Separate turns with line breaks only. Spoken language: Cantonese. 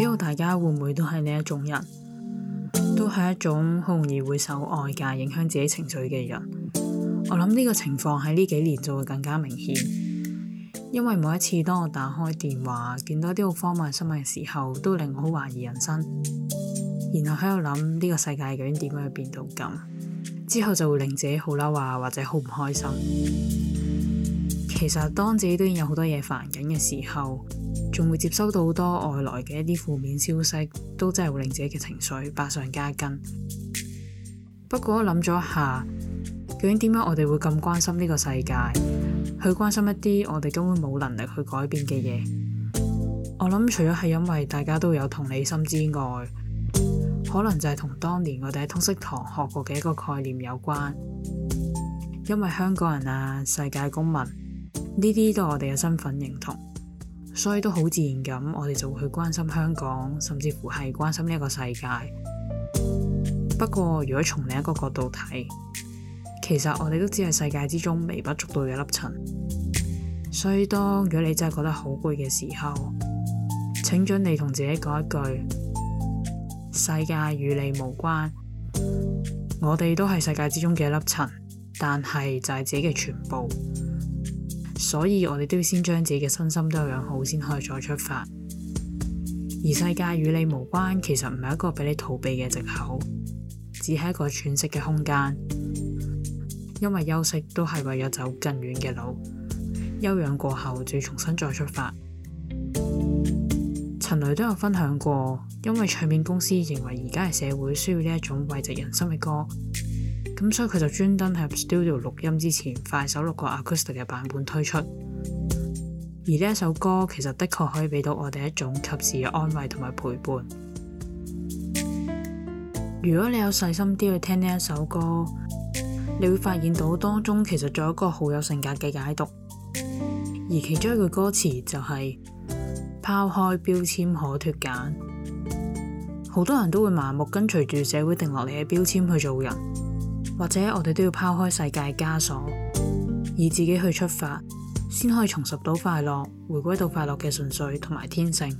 知道大家會唔會都係呢一種人，都係一種好容易會受外界影響自己情緒嘅人。我諗呢個情況喺呢幾年就會更加明顯，因為每一次當我打開電話見到一啲好荒謬嘅新聞嘅時候，都令我好懷疑人生，然後喺度諗呢個世界究竟點樣變到咁，之後就會令自己好嬲啊，或者好唔開心。其實當自己都已經有好多嘢煩緊嘅時候，仲會接收到好多外來嘅一啲負面消息，都真係會令自己嘅情緒百上加斤。不過諗咗一下，究竟點解我哋會咁關心呢個世界，去關心一啲我哋根本冇能力去改變嘅嘢？我諗除咗係因為大家都有同理心之外，可能就係同當年我哋喺通識堂學過嘅一個概念有關，因為香港人啊，世界公民。呢啲都係我哋嘅身份認同，所以都好自然咁，我哋就會去關心香港，甚至乎係關心呢一個世界。不過，如果從另一個角度睇，其實我哋都只係世界之中微不足道嘅粒塵。所以當，當如果你真係覺得好攰嘅時候，請准你同自己講一句：世界與你無關，我哋都係世界之中嘅粒塵，但係就係自己嘅全部。所以，我哋都要先將自己嘅身心都養好，先可以再出發。而世界與你無關，其實唔係一個俾你逃避嘅藉口，只係一個喘息嘅空間。因為休息都係為咗走更遠嘅路，休養過後再重新再出發。陳蕾都有分享過，因為唱片公司認為而家嘅社會需要呢一種慰藉人心嘅歌。咁所以佢就專登喺 studio 錄音之前，快手錄個 acoustic 嘅版本推出。而呢一首歌其實的確可以俾到我哋一種及時嘅安慰同埋陪伴。如果你有細心啲去聽呢一首歌，你會發現到當中其實仲有一個好有性格嘅解讀。而其中一句歌詞就係、是、拋開標籤可脱簡，好多人都會盲目跟隨住社會定落嚟嘅標籤去做人。或者我哋都要拋開世界嘅枷鎖，以自己去出發，先可以重拾到快樂，回歸到快樂嘅純粹同埋天性。